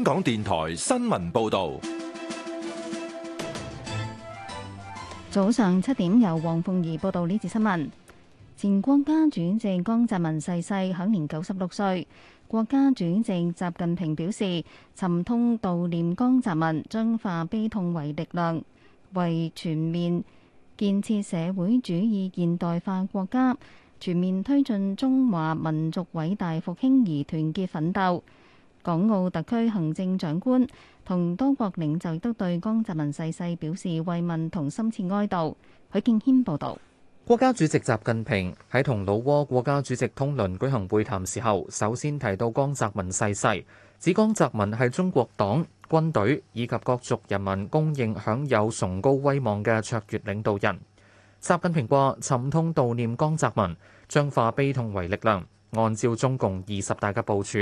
香港電台新聞報道，早上七點由黃鳳儀報道呢次新聞。前國家主席江澤民逝世，享年九十六歲。國家主席習近平表示，沉痛悼念江澤民，將化悲痛為力量，為全面建設社會主義現代化國家、全面推進中華民族偉大復興而團結奮鬥。港澳特區行政長官同多國領袖都對江澤民逝世表示慰問同深切哀悼。許敬軒報道：「國家主席習近平喺同老撾國家主席通倫舉行會談時候，首先提到江澤民逝世，指江澤民係中國黨、軍隊以及各族人民公認享有崇高威望嘅卓越領導人。習近平話：沉痛悼念江澤民，將化悲痛為力量。按照中共二十大嘅部署，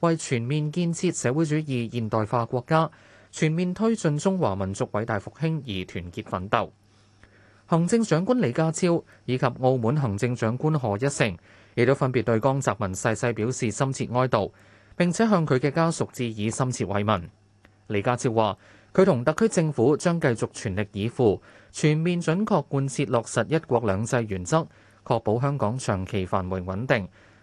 為全面建設社會主義現代化國家、全面推進中華民族偉大復興而團結奮鬥。行政長官李家超以及澳門行政長官賀一誠亦都分別對江澤民逝世表示深切哀悼，並且向佢嘅家屬致以深切慰問。李家超話：佢同特區政府將繼續全力以赴，全面準確貫徹落實一國兩制原則，確保香港長期繁榮穩定。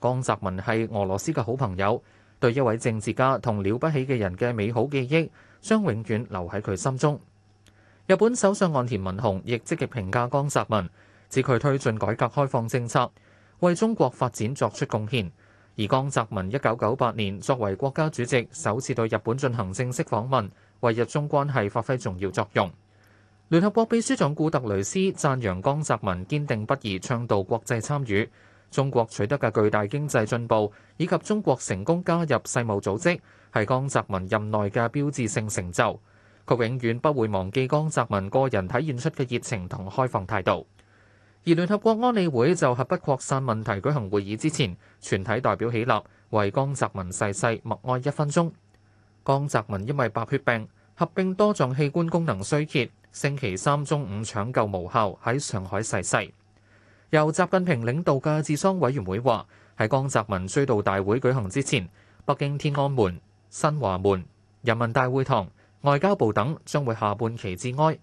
江澤民係俄羅斯嘅好朋友，對一位政治家同了不起嘅人嘅美好記憶，將永遠留喺佢心中。日本首相岸田文雄亦積極評價江澤民，指佢推進改革開放政策，為中國發展作出貢獻。而江澤民一九九八年作為國家主席首次對日本進行正式訪問，為日中關係發揮重要作用。聯合國秘書長古特雷斯讚揚江澤民堅定不移倡導國際參與。中國取得嘅巨大經濟進步，以及中國成功加入世貿組織，係江澤民任內嘅標誌性成就。佢永遠不會忘記江澤民個人體現出嘅熱情同開放態度。而聯合國安理會就核不擴散問題舉行會議之前，全體代表起立，為江澤民逝世默哀一分鐘。江澤民因為白血病合併多臟器官功能衰竭，星期三中午搶救無效，喺上海逝世。由習近平領導嘅治喪委員會話：喺江澤民追悼大會舉行之前，北京天安門、新華門、人民大會堂、外交部等將會下半旗致哀。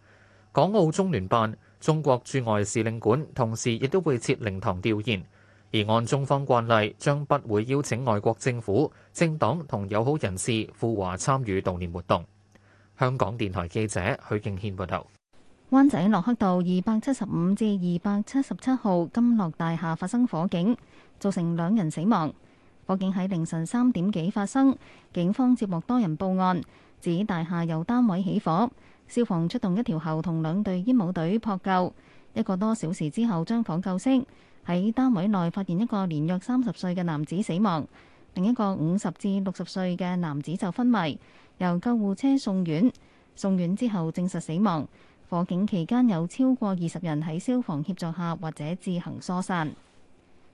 港澳中聯辦、中國駐外使領館同時亦都會設靈堂吊唁，而按中方慣例，將不會邀請外國政府、政黨同友好人士赴華參與悼念活動。香港電台記者許敬軒報道。灣仔駱克道二百七十五至二百七十七號金樂大廈發生火警，造成兩人死亡。火警喺凌晨三點幾發生，警方接獲多人報案，指大廈有單位起火。消防出動一條喉同兩隊煙帽隊撲救，一個多小時之後將火救熄。喺單位內發現一個年約三十歲嘅男子死亡，另一個五十至六十歲嘅男子就昏迷，由救護車送院，送院之後證實死亡。火警期間有超過二十人喺消防協助下或者自行疏散。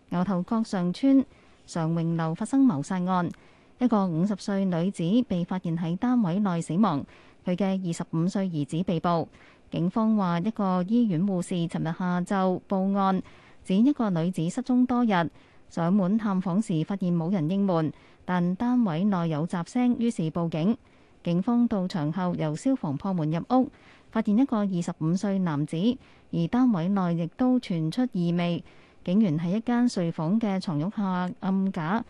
牛頭角上邨常榮樓發生謀殺案，一個五十歲女子被發現喺單位內死亡，佢嘅二十五歲兒子被捕。警方話，一個醫院護士尋日下晝報案，指一個女子失蹤多日，上門探訪時發現冇人應門，但單位內有雜聲，於是報警。警方到場後由消防破門入屋。發現一個二十五歲男子，而單位內亦都傳出異味。警員喺一間睡房嘅床褥下暗格，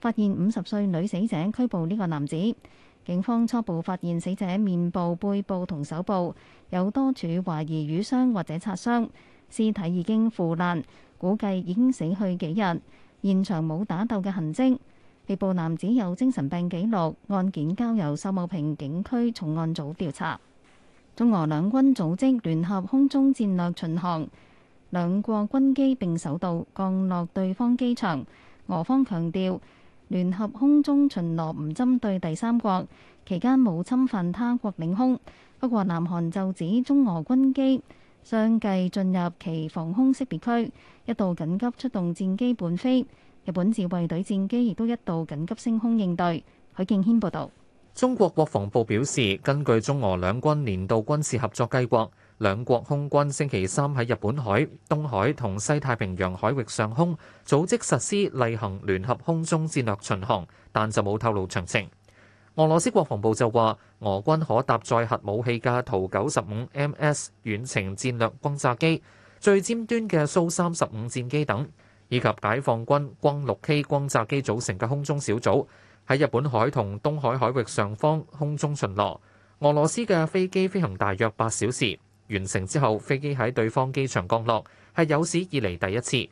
發現五十歲女死者，拘捕呢個男子。警方初步發現死者面部、背部同手部有多處懷疑瘀傷或者擦傷，屍體已經腐爛，估計已經死去幾日。現場冇打鬥嘅痕跡。被捕男子有精神病記錄，案件交由秀茂坪警區重案組調查。中俄兩軍組織聯合空中戰略巡航，兩國軍機並首度降落對方機場。俄方強調聯合空中巡邏唔針對第三國，期間冇侵犯他國領空。不過南韓就指中俄軍機相繼進入其防空識別區，一度緊急出動戰機伴飛。日本自衛隊戰機亦都一度緊急升空應對。許敬軒報導。中國國防部表示，根據中俄兩軍年度軍事合作計劃，兩國空軍星期三喺日本海、東海同西太平洋海域上空組織實施例行聯合空中戰略巡航，但就冇透露詳情。俄羅斯國防部就話，俄軍可搭載核武器嘅圖九十五 MS 遠程戰略轟炸機、最尖端嘅蘇三十五戰機等，以及解放軍轟六 K 轟炸機組成嘅空中小組。喺日本海同東海海域上方空中巡邏，俄羅斯嘅飛機飛行大約八小時完成之後飛機喺對方機場降落，係有史以嚟第一次。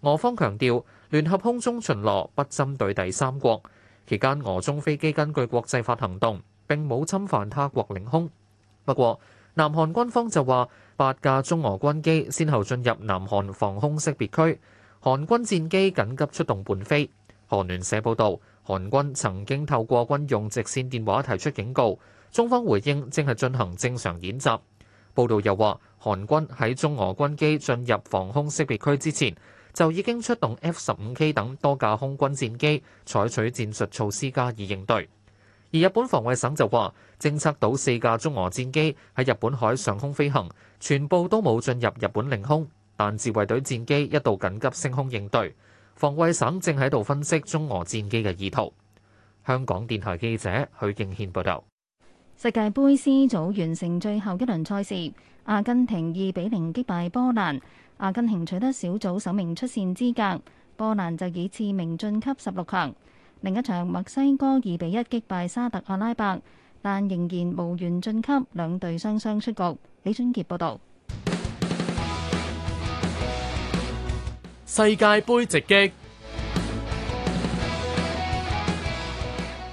俄方強調聯合空中巡邏不針對第三國，期間俄中飛機根據國際法行動並冇侵犯他國領空。不過南韓軍方就話八架中俄軍機先後進入南韓防空識別區，韓軍戰機緊急出動伴飛，韓聯社報道，韓軍曾經透過軍用直線電話提出警告，中方回應正係進行正常演習。報道又話，韓軍喺中俄軍機進入防空識別區之前，就已經出動 F 十五 K 等多架空軍戰機，採取戰術措施加以應對。而日本防衛省就話，偵測到四架中俄戰機喺日本海上空飛行，全部都冇進入日本領空，但自衛隊戰機一度緊急升空應對。防衛省正喺度分析中俄戰機嘅意圖。香港電台記者許敬軒報道：世界盃 C 組完成最後一輪賽事，阿根廷二比零擊敗波蘭，阿根廷取得小組首名出線資格，波蘭就以次名晉級十六強。另一場墨西哥二比一擊敗沙特阿拉伯，但仍然無緣晉級，兩隊雙雙出局。李俊傑報道。世界杯直擊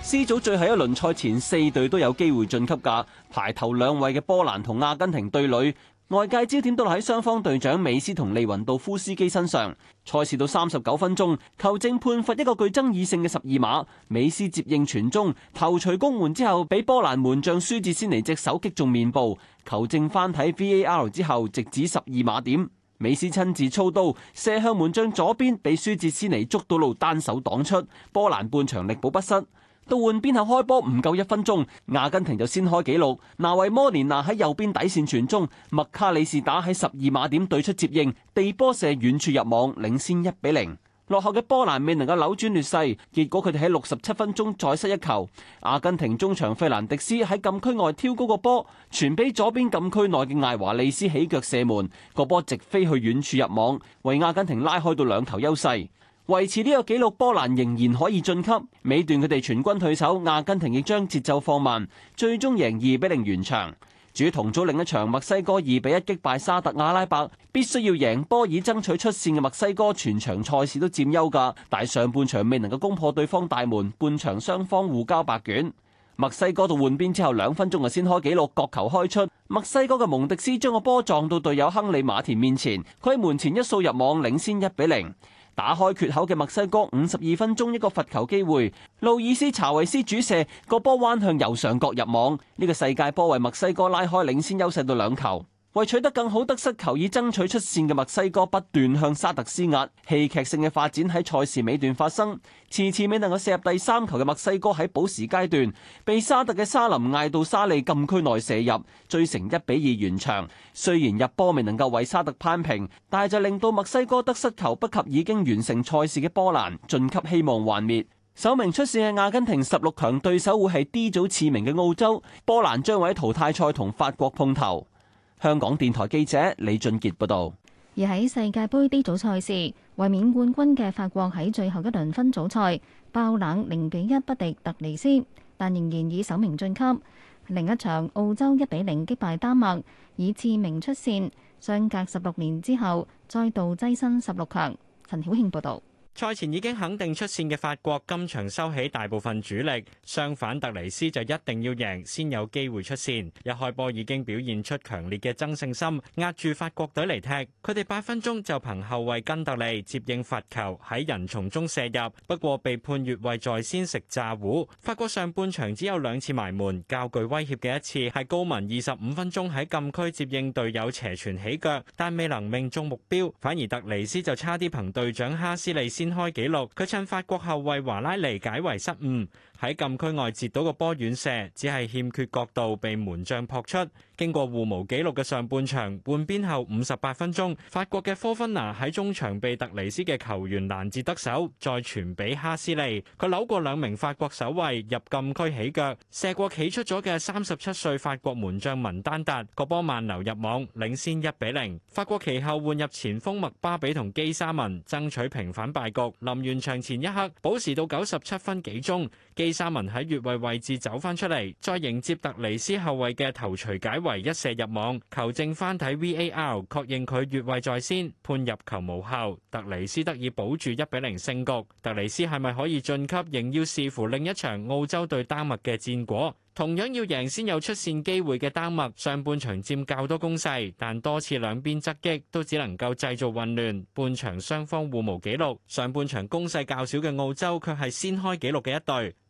，C 組最後一輪賽前四隊都有機會晉級噶，排頭兩位嘅波蘭同阿根廷對壘，外界焦點都落喺雙方隊長美斯同利雲道夫斯基身上。賽事到三十九分鐘，球證判罰一個具爭議性嘅十二碼，美斯接應傳中，頭錘攻門之後，俾波蘭門將舒志先尼隻手擊中面部，球證翻睇 VAR 之後，直指十二碼點。美斯親自操刀，射向門將左邊，被舒哲斯尼捉到路，單手擋出。波蘭半場力保不失，到換邊後開波唔夠一分鐘，阿根廷就先開紀錄。那維摩連拿喺右邊底線傳中，麥卡里士打喺十二碼點對出接應，地波射遠處入網，領先一比零。落後嘅波蘭未能夠扭轉劣勢，結果佢哋喺六十七分鐘再失一球。阿根廷中場費蘭迪斯喺禁區外挑高個波，傳俾左邊禁區內嘅艾華利斯起腳射門，個波直飛去遠處入網，為阿根廷拉開到兩球優勢。維持呢個紀錄，波蘭仍然可以晉級。尾段佢哋全軍退守，阿根廷亦將節奏放慢，最終贏二比零完場。主同組，另一場墨西哥二比一擊敗沙特阿拉伯。必須要贏波以爭取出線嘅墨西哥全場賽事都佔優噶，但係上半場未能夠攻破對方大門，半場雙方互交白卷。墨西哥度換邊之後兩分鐘就先開紀錄，角球開出，墨西哥嘅蒙迪斯將個波撞到隊友亨利馬田面前，佢喺門前一掃入網，領先一比零。打開缺口嘅墨西哥，五十二分鐘一個罰球機會，路易斯查維斯主射個波彎向右上角入網，呢、這個世界波為墨西哥拉開領先優勢到兩球。為取得更好得失球，以爭取出線嘅墨西哥不斷向沙特施壓。戲劇性嘅發展喺賽事尾段發生，遲遲未能夠射入第三球嘅墨西哥喺補時階段被沙特嘅沙林嗌到沙利禁區內射入，追成一比二完場。雖然入波未能夠為沙特攀平，但係就令到墨西哥得失球不及已經完成賽事嘅波蘭晉級希望幻滅。首名出線嘅阿根廷十六強對手會係 D 組次名嘅澳洲，波蘭將會喺淘汰賽同法國碰頭。香港電台記者李俊傑報道，而喺世界杯 D 組賽事，衛冕冠軍嘅法國喺最後一輪分組賽爆冷零比一不敵突尼斯，但仍然以首名晉級。另一場澳洲一比零擊敗丹麥，以次名出線，相隔十六年之後再度躋身十六強。陳曉慶報道。賽前已經肯定出線嘅法國，今場收起大部分主力，相反特尼斯就一定要贏先有機會出線。一開波已經表現出強烈嘅爭勝心，壓住法國隊嚟踢。佢哋八分鐘就憑後衛根特利接應罰球喺人叢中射入，不過被判越位在先食炸糊。法國上半場只有兩次埋門，較具威脅嘅一次係高民二十五分鐘喺禁區接應隊友斜傳起腳，但未能命中目標，反而特尼斯就差啲憑隊長哈斯利先。開紀錄，佢趁法國後衛華拉尼解圍失誤。喺禁區外截到個波遠射，只係欠缺角度被門將撲出。經過互無紀錄嘅上半場換邊後，五十八分鐘，法國嘅科芬拿喺中場被特尼斯嘅球員攔截得手，再傳俾哈斯利。佢扭過兩名法國守衞入禁區起腳射過企出咗嘅三十七歲法國門將文丹達，個波慢流入網，領先一比零。法國其後換入前鋒麥巴比同基沙文爭取平反敗局。臨完場前一刻，保持到九十七分幾鐘。基沙文喺越位位置走翻出嚟，再迎接特尼斯後衛嘅頭錘解圍一射入網，球證翻睇 VAR，確認佢越位在先，判入球無效。特尼斯得以保住一比零勝局。特尼斯係咪可以晉級，仍要視乎另一場澳洲對丹麥嘅戰果。同樣要贏先有出線機會嘅丹麥，上半場佔較多攻勢，但多次兩邊側擊都只能夠製造混亂。半場雙方互無紀錄，上半場攻勢較少嘅澳洲，卻係先開紀錄嘅一隊。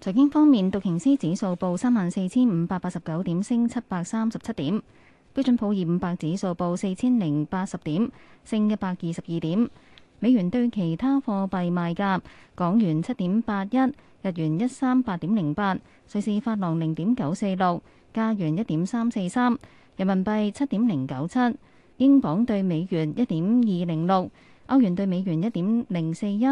財經方面，道瓊斯指數報三萬四千五百八十九點，升七百三十七點；標準普爾五百指數報四千零八十點，升一百二十二點。美元對其他貨幣賣價：港元七點八一，日元一三八點零八，瑞士法郎零點九四六，加元一點三四三，人民幣七點零九七，英鎊對美元一點二零六，歐元對美元一點零四一。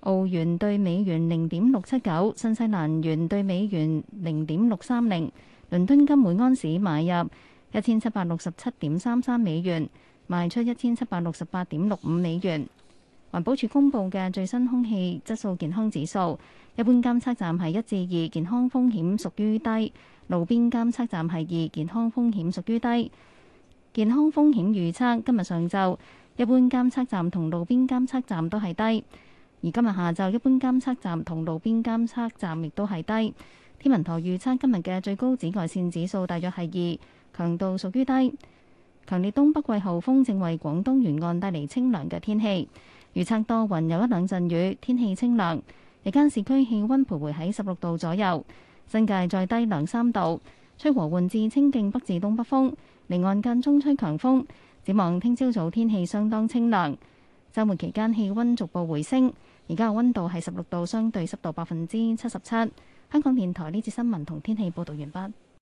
澳元兌美元零點六七九，新西蘭元兌美元零點六三零。倫敦金每安士買入一千七百六十七點三三美元，賣出一千七百六十八點六五美元。環保署公布嘅最新空氣質素健康指數，一般監測站係一至二，健康風險屬於低；路邊監測站係二，健康風險屬於低。健康風險預測今日上晝，一般監測站同路邊監測站都係低。而今日下晝一般監測站同路邊監測站亦都係低。天文台預測今日嘅最高紫外綫指數大約係二，強度屬於低。強烈東北季候風正為廣東沿岸帶嚟清涼嘅天氣。預測多雲有一兩陣雨，天氣清涼。日間市區氣溫徘徊喺十六度左右，新界再低兩三度。吹和緩至清勁北至東北風。離岸間中吹強風。展望聽朝早天氣相當清涼。週末期間氣溫逐步回升。而家嘅溫度係十六度，相對濕度百分之七十七。香港電台呢節新聞同天氣報道完畢。